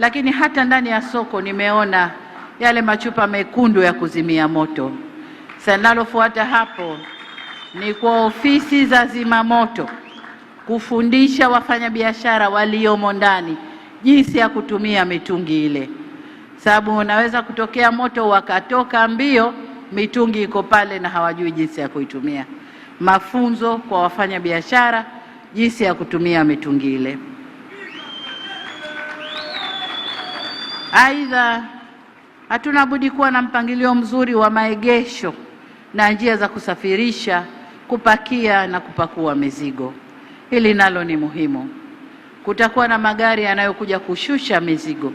lakini hata ndani ya soko nimeona yale machupa mekundu ya kuzimia moto. Sasa linalofuata hapo ni kwa ofisi za zimamoto kufundisha wafanyabiashara waliomo ndani jinsi ya kutumia mitungi ile, sababu unaweza kutokea moto wakatoka mbio, mitungi iko pale na hawajui jinsi ya kuitumia. Mafunzo kwa wafanyabiashara jinsi ya kutumia mitungi ile. Aidha, hatuna budi kuwa na mpangilio mzuri wa maegesho na njia za kusafirisha, kupakia na kupakua mizigo. Hili nalo ni muhimu. Kutakuwa na magari yanayokuja kushusha mizigo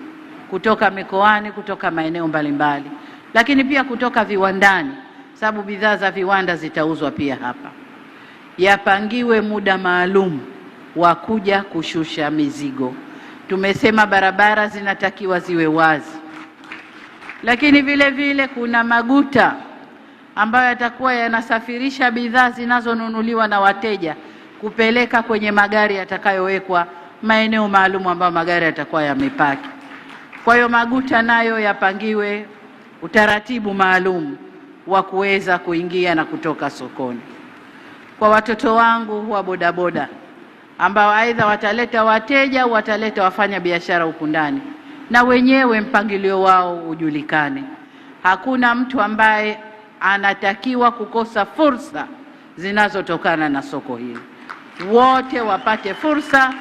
kutoka mikoani, kutoka maeneo mbalimbali, lakini pia kutoka viwandani, sababu bidhaa za viwanda zitauzwa pia hapa. Yapangiwe muda maalum wa kuja kushusha mizigo. Tumesema barabara zinatakiwa ziwe wazi, lakini vile vile kuna maguta ambayo yatakuwa yanasafirisha bidhaa zinazonunuliwa na wateja kupeleka kwenye magari yatakayowekwa maeneo maalum ambayo magari yatakuwa yamepaki. Kwa hiyo maguta nayo yapangiwe utaratibu maalum wa kuweza kuingia na kutoka sokoni. Kwa watoto wangu wa bodaboda ambao aidha wataleta wateja au wataleta wafanya biashara huku ndani, na wenyewe mpangilio wao ujulikane. Hakuna mtu ambaye anatakiwa kukosa fursa zinazotokana na soko hili, wote wapate fursa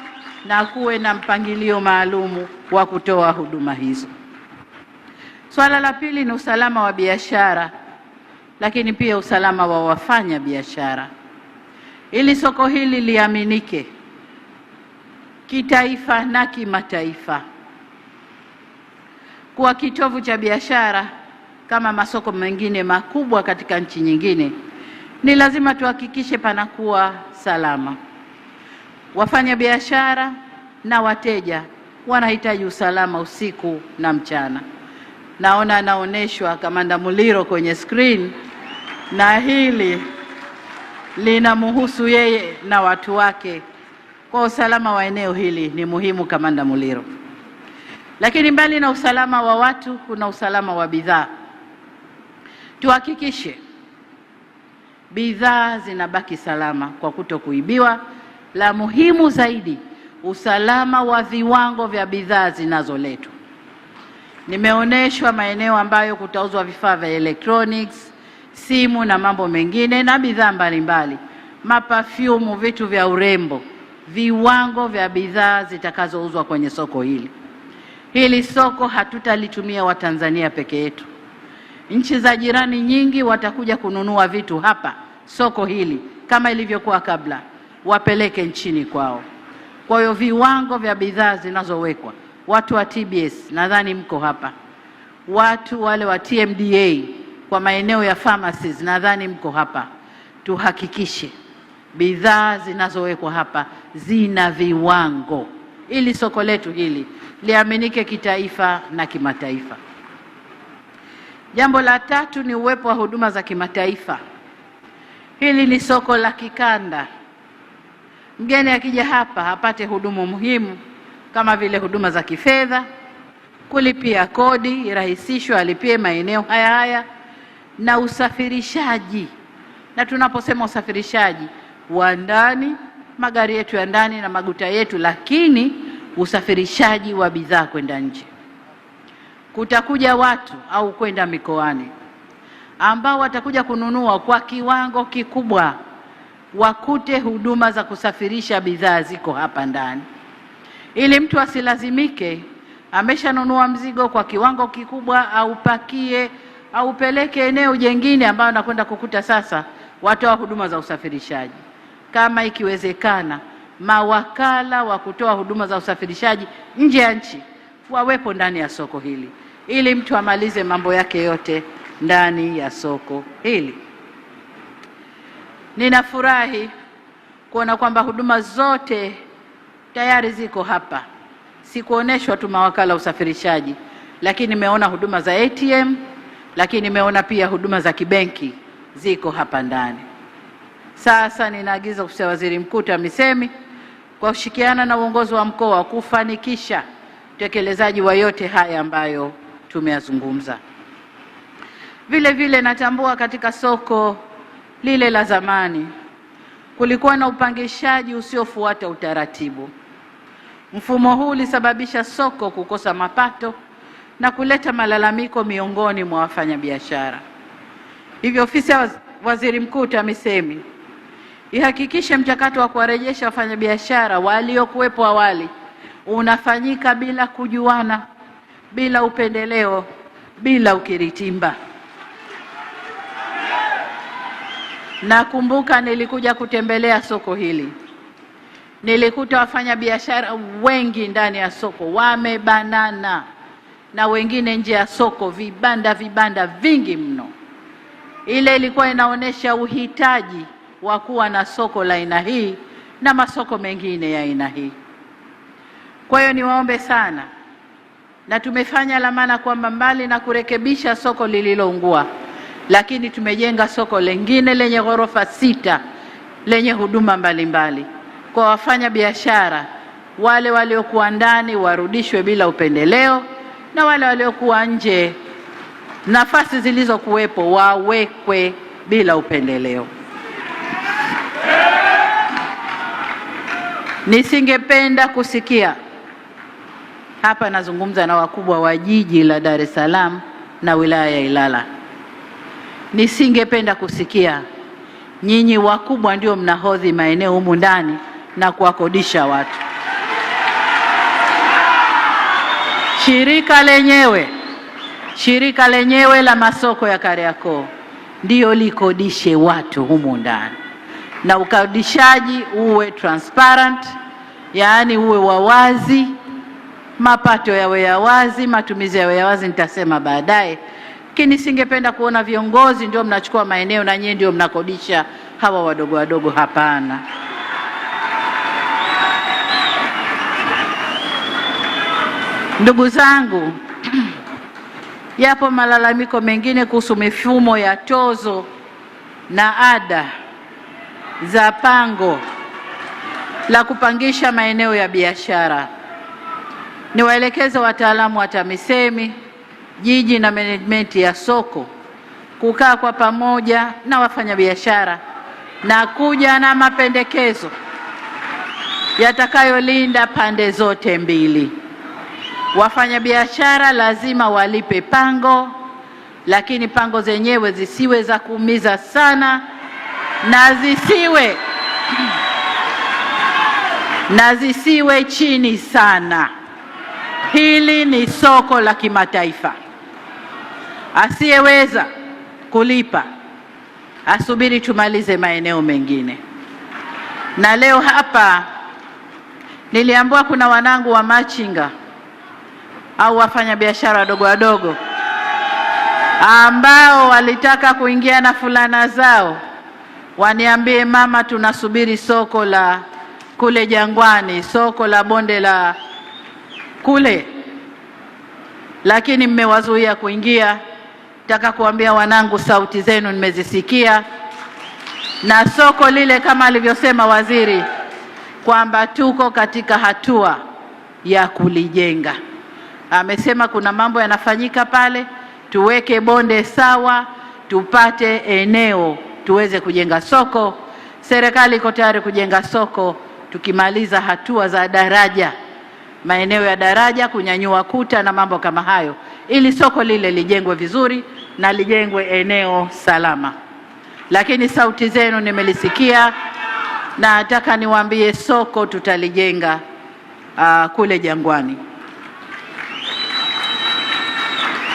na kuwe na mpangilio maalumu wa kutoa huduma hizo. Swala la pili ni usalama wa biashara, lakini pia usalama wa wafanya biashara. Ili soko hili liaminike, kitaifa na kimataifa, kuwa kitovu cha biashara kama masoko mengine makubwa katika nchi nyingine. Ni lazima tuhakikishe panakuwa salama. Wafanyabiashara na wateja wanahitaji usalama usiku na mchana. Naona anaonyeshwa Kamanda Muliro kwenye screen, na hili linamhusu yeye na watu wake kwa usalama wa eneo hili ni muhimu, Kamanda Muliro. Lakini mbali na usalama wa watu, kuna usalama wa bidhaa. Tuhakikishe bidhaa zinabaki salama kwa kuto kuibiwa. La muhimu zaidi, usalama wa viwango vya bidhaa zinazoletwa. Nimeonyeshwa maeneo ambayo kutauzwa vifaa vya electronics, simu na mambo mengine na bidhaa mbalimbali, mapafyumu, vitu vya urembo viwango vya bidhaa zitakazouzwa kwenye soko hili. Hili soko hatutalitumia Watanzania peke yetu, nchi za jirani nyingi watakuja kununua vitu hapa soko hili, kama ilivyokuwa kabla, wapeleke nchini kwao. Kwa hiyo viwango vya bidhaa zinazowekwa, watu wa TBS nadhani mko hapa, watu wale wa TMDA kwa maeneo ya pharmacies nadhani mko hapa, tuhakikishe bidhaa zinazowekwa hapa zina viwango, ili soko letu hili liaminike kitaifa na kimataifa. Jambo la tatu ni uwepo wa huduma za kimataifa. Hili ni soko la kikanda. Mgeni akija hapa apate huduma muhimu kama vile huduma za kifedha, kulipia kodi irahisishwe, alipie maeneo haya haya, na usafirishaji. Na tunaposema usafirishaji, wa ndani, magari yetu ya ndani na maguta yetu, lakini usafirishaji wa bidhaa kwenda nje. Kutakuja watu au kwenda mikoani ambao watakuja kununua kwa kiwango kikubwa, wakute huduma za kusafirisha bidhaa ziko hapa ndani, ili mtu asilazimike ameshanunua mzigo kwa kiwango kikubwa, aupakie aupeleke eneo jengine ambayo nakwenda kukuta sasa watoa huduma za usafirishaji kama ikiwezekana, mawakala wa kutoa huduma za usafirishaji nje ya nchi wawepo ndani ya soko hili ili mtu amalize mambo yake yote ndani ya soko hili. Ninafurahi kuona kwamba huduma zote tayari ziko hapa. Sikuoneshwa tu mawakala wa usafirishaji, lakini nimeona huduma za ATM, lakini nimeona pia huduma za kibenki ziko hapa ndani. Sasa ninaagiza ofisi ya waziri mkuu TAMISEMI kwa kushirikiana na uongozi wa mkoa kufanikisha utekelezaji wa yote haya ambayo tumeyazungumza. Vile vile natambua katika soko lile la zamani kulikuwa na upangishaji usiofuata utaratibu. Mfumo huu ulisababisha soko kukosa mapato na kuleta malalamiko miongoni mwa wafanyabiashara. Hivyo ofisi ya waziri mkuu TAMISEMI ihakikishe mchakato wa kuwarejesha wafanyabiashara waliokuwepo awali unafanyika bila kujuana, bila upendeleo, bila ukiritimba. Nakumbuka nilikuja kutembelea soko hili, nilikuta wafanyabiashara wengi ndani ya soko wamebanana, na wengine nje ya soko, vibanda vibanda vingi mno. Ile ilikuwa inaonyesha uhitaji wa kuwa na soko la aina hii na masoko mengine ya aina hii. Kwa hiyo niwaombe sana, na tumefanya lamana kwamba mbali na kurekebisha soko lililoungua, lakini tumejenga soko lengine lenye ghorofa sita lenye huduma mbalimbali mbali. Kwa wafanya biashara wale waliokuwa ndani warudishwe bila upendeleo, na wale waliokuwa nje nafasi zilizokuwepo wawekwe bila upendeleo. Nisingependa kusikia hapa, nazungumza na wakubwa wa jiji la Dar es Salaam na wilaya ya Ilala. Nisingependa kusikia nyinyi wakubwa ndio mnahodhi maeneo humu ndani na kuwakodisha watu. Shirika lenyewe shirika lenyewe la masoko ya Kariakoo ndiyo likodishe watu humu ndani na ukodishaji uwe transparent, yaani uwe wawazi, mapato yawe ya wazi, matumizi yawe ya wazi, nitasema baadaye. Lakini singependa kuona viongozi ndio mnachukua maeneo na nyie ndio mnakodisha hawa wadogo wadogo, hapana. Ndugu zangu, yapo malalamiko mengine kuhusu mifumo ya tozo na ada za pango la kupangisha maeneo ya biashara. Niwaelekeze wataalamu wa TAMISEMI, jiji na management ya soko kukaa kwa pamoja na wafanyabiashara na kuja na mapendekezo yatakayolinda pande zote mbili. Wafanyabiashara lazima walipe pango, lakini pango zenyewe zisiwe za kuumiza sana na zisiwe na zisiwe chini sana. Hili ni soko la kimataifa. Asiyeweza kulipa asubiri tumalize maeneo mengine. Na leo hapa niliambiwa kuna wanangu wa machinga au wafanyabiashara wadogo wadogo ambao walitaka kuingia na fulana zao waniambie mama, tunasubiri soko la kule Jangwani, soko la bonde la kule, lakini mmewazuia kuingia. Nataka kuambia wanangu, sauti zenu nimezisikia, na soko lile kama alivyosema waziri kwamba tuko katika hatua ya kulijenga. Amesema kuna mambo yanafanyika pale, tuweke bonde sawa, tupate eneo tuweze kujenga soko. Serikali iko tayari kujenga soko tukimaliza hatua za daraja, maeneo ya daraja, kunyanyua kuta na mambo kama hayo, ili soko lile lijengwe vizuri na lijengwe eneo salama. Lakini sauti zenu nimelisikia, na nataka niwaambie soko tutalijenga uh, kule Jangwani.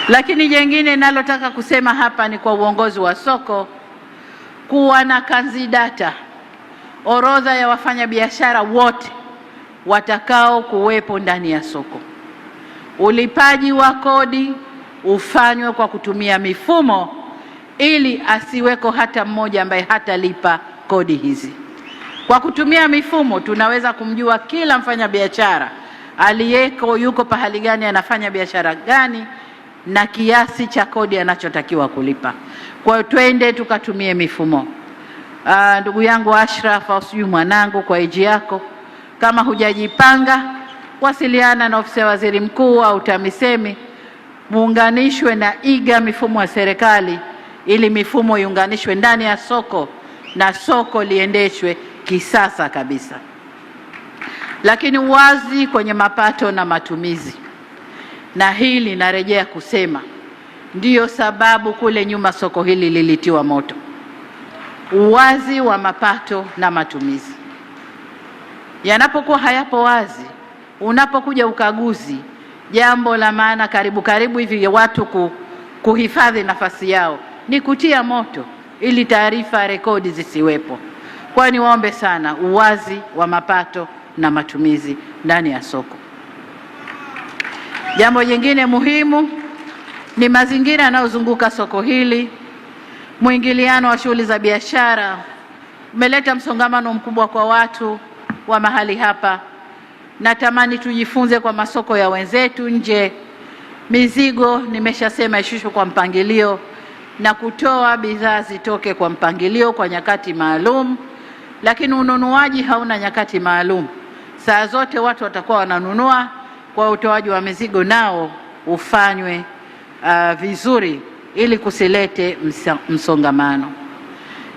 Lakini jengine nalotaka kusema hapa ni kwa uongozi wa soko kuwa na kanzidata, orodha ya wafanyabiashara wote watakao kuwepo ndani ya soko. Ulipaji wa kodi ufanywe kwa kutumia mifumo ili asiweko hata mmoja ambaye hatalipa kodi hizi. Kwa kutumia mifumo, tunaweza kumjua kila mfanyabiashara aliyeko, yuko pahali gani, anafanya biashara gani, na kiasi cha kodi anachotakiwa kulipa. Kwa hiyo twende tukatumie mifumo. Aa, ah, ndugu yangu Ashraf au sijui mwanangu, kwa eji yako kama hujajipanga wasiliana na ofisi ya waziri mkuu au TAMISEMI, muunganishwe na iga mifumo ya serikali, ili mifumo iunganishwe ndani ya soko na soko liendeshwe kisasa kabisa. Lakini uwazi kwenye mapato na matumizi, na hili narejea kusema Ndiyo sababu kule nyuma soko hili lilitiwa moto. Uwazi wa mapato na matumizi yanapokuwa hayapo wazi, unapokuja ukaguzi, jambo la maana karibu karibu hivi watu kuhifadhi nafasi yao ni kutia moto ili taarifa, rekodi zisiwepo. Kwa niwaombe sana uwazi wa mapato na matumizi ndani ya soko. Jambo jingine muhimu ni mazingira yanayozunguka soko hili, mwingiliano wa shughuli za biashara umeleta msongamano mkubwa kwa watu wa mahali hapa. Natamani tujifunze kwa masoko ya wenzetu nje. Mizigo nimeshasema ishushwe kwa mpangilio na kutoa bidhaa zitoke kwa mpangilio kwa nyakati maalum, lakini ununuaji hauna nyakati maalum. Saa zote watu watakuwa wananunua, kwa utoaji wa mizigo nao ufanywe uh, vizuri ili kusilete msa, msongamano.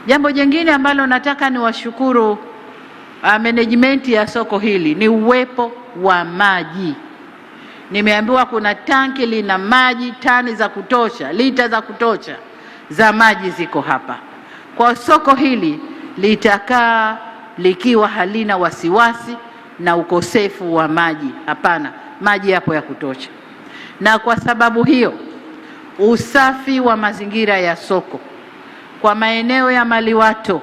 Jambo jingine ambalo nataka niwashukuru uh, management ya soko hili ni uwepo wa maji. Nimeambiwa kuna tanki lina maji tani za kutosha, lita za kutosha za maji ziko hapa. Kwa soko hili litakaa likiwa halina wasiwasi na ukosefu wa maji. Hapana, maji yapo ya kutosha, na kwa sababu hiyo usafi wa mazingira ya soko kwa maeneo ya maliwato,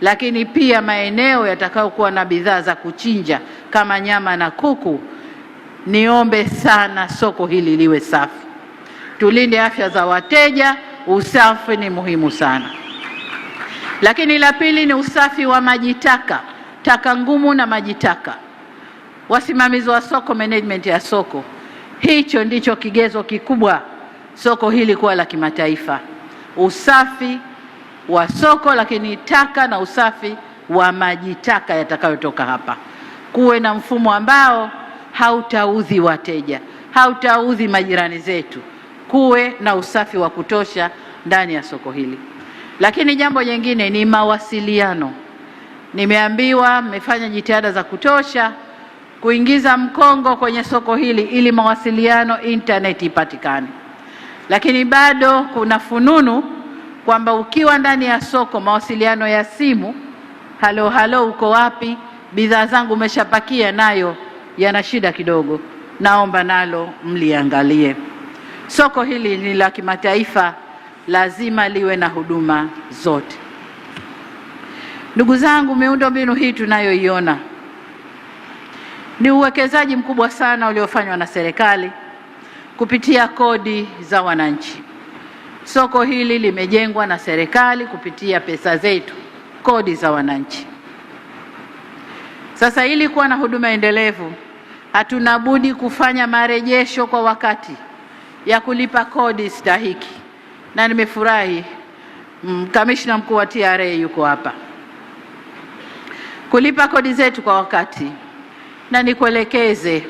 lakini pia maeneo yatakayokuwa na bidhaa za kuchinja kama nyama na kuku. Niombe sana soko hili liwe safi, tulinde afya za wateja. Usafi ni muhimu sana, lakini la pili ni usafi wa maji taka, taka ngumu na maji taka. Wasimamizi wa soko, management ya soko, hicho ndicho kigezo kikubwa soko hili kuwa la kimataifa, usafi wa soko, lakini taka na usafi wa maji taka yatakayotoka hapa. Kuwe na mfumo ambao hautaudhi wateja, hautaudhi majirani zetu. Kuwe na usafi wa kutosha ndani ya soko hili. Lakini jambo jingine ni mawasiliano. Nimeambiwa mmefanya jitihada za kutosha kuingiza mkongo kwenye soko hili ili mawasiliano, intaneti ipatikane. Lakini bado kuna fununu kwamba ukiwa ndani ya soko, mawasiliano ya simu, halo halo, uko wapi, bidhaa zangu umeshapakia, nayo yana shida kidogo. Naomba nalo mliangalie. Soko hili ni la kimataifa, lazima liwe na huduma zote. Ndugu zangu, miundo mbinu hii tunayoiona ni uwekezaji mkubwa sana uliofanywa na serikali kupitia kodi za wananchi. Soko hili limejengwa na serikali kupitia pesa zetu, kodi za wananchi. Sasa ili kuwa na huduma endelevu, hatuna budi kufanya marejesho kwa wakati ya kulipa kodi stahiki, na nimefurahi mm, kamishna mkuu wa TRA yuko hapa kulipa kodi zetu kwa wakati, na nikuelekeze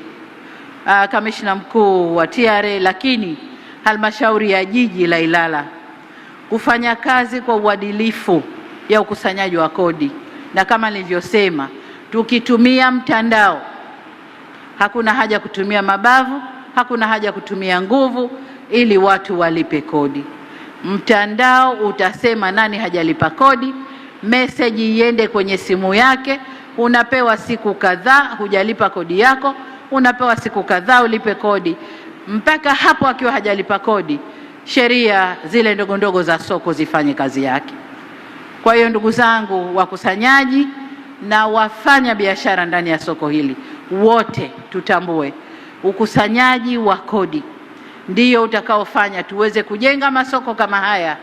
uh, kamishna mkuu wa TRA, lakini halmashauri ya jiji la Ilala kufanya kazi kwa uadilifu ya ukusanyaji wa kodi, na kama nilivyosema, tukitumia mtandao, hakuna haja kutumia mabavu, hakuna haja kutumia nguvu ili watu walipe kodi. Mtandao utasema nani hajalipa kodi, meseji iende kwenye simu yake, unapewa siku kadhaa, hujalipa kodi yako unapewa siku kadhaa ulipe kodi. Mpaka hapo akiwa hajalipa kodi, sheria zile ndogo ndogo za soko zifanye kazi yake. Kwa hiyo ndugu zangu wakusanyaji na wafanya biashara ndani ya soko hili wote tutambue, ukusanyaji wa kodi ndiyo utakaofanya tuweze kujenga masoko kama haya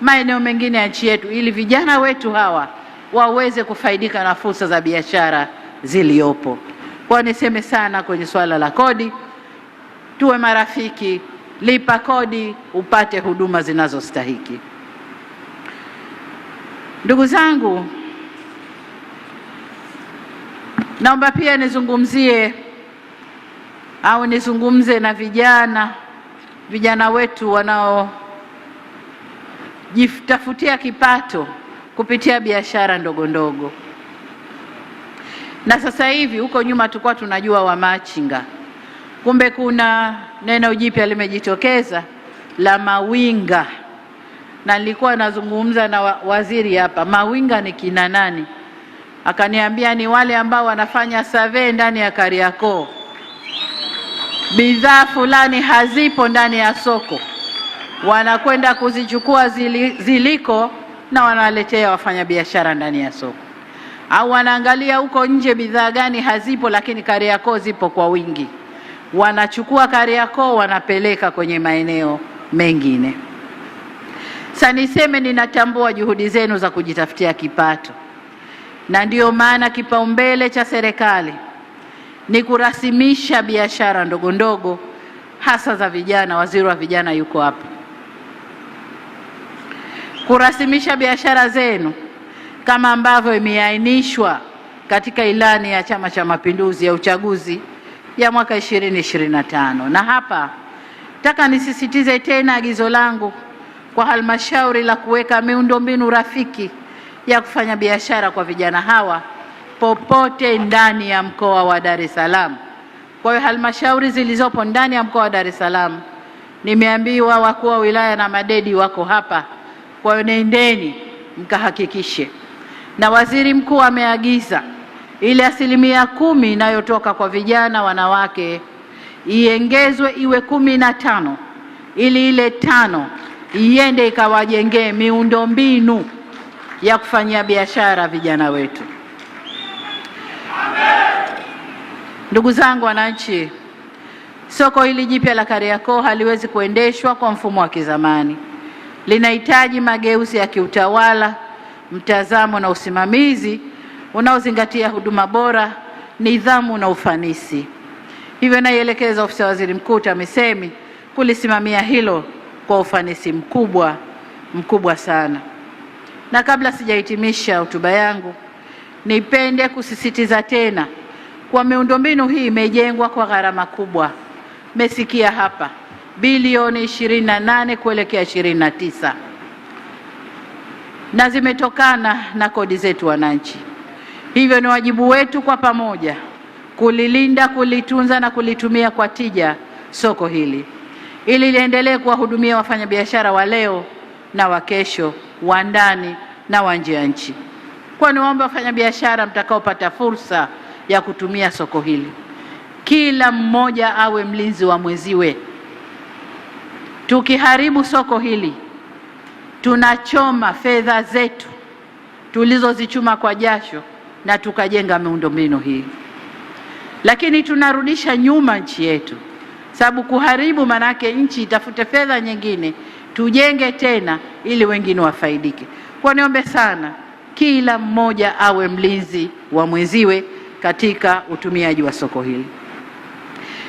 maeneo mengine ya nchi yetu, ili vijana wetu hawa waweze kufaidika na fursa za biashara ziliyopo. Kwa niseme sana kwenye swala la kodi, tuwe marafiki, lipa kodi upate huduma zinazostahiki. Ndugu zangu, naomba pia nizungumzie au nizungumze na vijana vijana wetu wanaojitafutia kipato kupitia biashara ndogo ndogo na sasa hivi. Huko nyuma tulikuwa tunajua wamachinga, kumbe kuna neno jipya limejitokeza la mawinga, na nilikuwa nazungumza na waziri hapa, mawinga ni kina nani? Akaniambia ni wale ambao wanafanya survey ndani ya Kariakoo, bidhaa fulani hazipo ndani ya soko, wanakwenda kuzichukua zili, ziliko na wanaletea wafanyabiashara ndani ya soko au wanaangalia huko nje bidhaa gani hazipo, lakini Kariakoo zipo kwa wingi, wanachukua Kariakoo wanapeleka kwenye maeneo mengine. Sasa niseme, ninatambua juhudi zenu za kujitafutia kipato, na ndiyo maana kipaumbele cha serikali ni kurasimisha biashara ndogo ndogo hasa za vijana. Waziri wa vijana yuko hapa, kurasimisha biashara zenu kama ambavyo imeainishwa katika ilani ya Chama cha Mapinduzi ya uchaguzi ya mwaka 2025. Na hapa nataka nisisitize tena agizo langu kwa halmashauri la kuweka miundombinu rafiki ya kufanya biashara kwa vijana hawa popote ndani ya mkoa wa Dar es Salaam. Kwa hiyo halmashauri zilizopo ndani ya mkoa wa Dar es Salaam, nimeambiwa wakuu wa wilaya na madedi wako hapa. Kwa hiyo nendeni mkahakikishe na waziri mkuu ameagiza ile asilimia kumi inayotoka kwa vijana wanawake iengezwe iwe kumi na tano ili ile tano iende ikawajengee miundombinu ya kufanyia biashara vijana wetu. Ndugu zangu wananchi, soko hili jipya la Kariakoo haliwezi kuendeshwa kwa mfumo wa kizamani, linahitaji mageuzi ya kiutawala mtazamo na usimamizi unaozingatia huduma bora, nidhamu na ufanisi. Hivyo naielekeza ofisi ya waziri mkuu TAMISEMI kulisimamia hilo kwa ufanisi mkubwa mkubwa sana. Na kabla sijahitimisha hotuba yangu, nipende kusisitiza tena kwa miundombinu hii imejengwa kwa gharama kubwa. Mmesikia hapa bilioni 28 kuelekea 29 na zimetokana na kodi zetu wananchi. Hivyo ni wajibu wetu kwa pamoja kulilinda, kulitunza na kulitumia kwa tija soko hili ili liendelee kuwahudumia wafanyabiashara wa leo na wa kesho, wa ndani na wa nje ya nchi. Kwa niwaombe wafanyabiashara mtakaopata fursa ya kutumia soko hili, kila mmoja awe mlinzi wa mwenziwe. Tukiharibu soko hili tunachoma fedha zetu tulizozichuma kwa jasho na tukajenga miundombinu hii, lakini tunarudisha nyuma nchi yetu, sababu kuharibu manake nchi itafute fedha nyingine tujenge tena ili wengine wafaidike. Kwa niombe sana kila mmoja awe mlinzi wa mwenziwe katika utumiaji wa soko hili.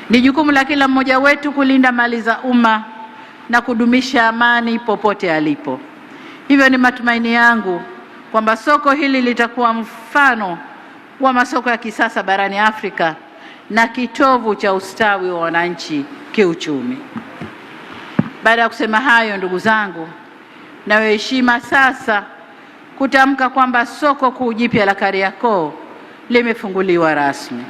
Ni jukumu la kila mmoja wetu kulinda mali za umma na kudumisha amani popote alipo. Hivyo ni matumaini yangu kwamba soko hili litakuwa mfano wa masoko ya kisasa barani Afrika na kitovu cha ustawi wa wananchi kiuchumi. Baada ya kusema hayo, ndugu zangu, nayo heshima sasa kutamka kwamba soko kuu jipya la Kariakoo limefunguliwa rasmi.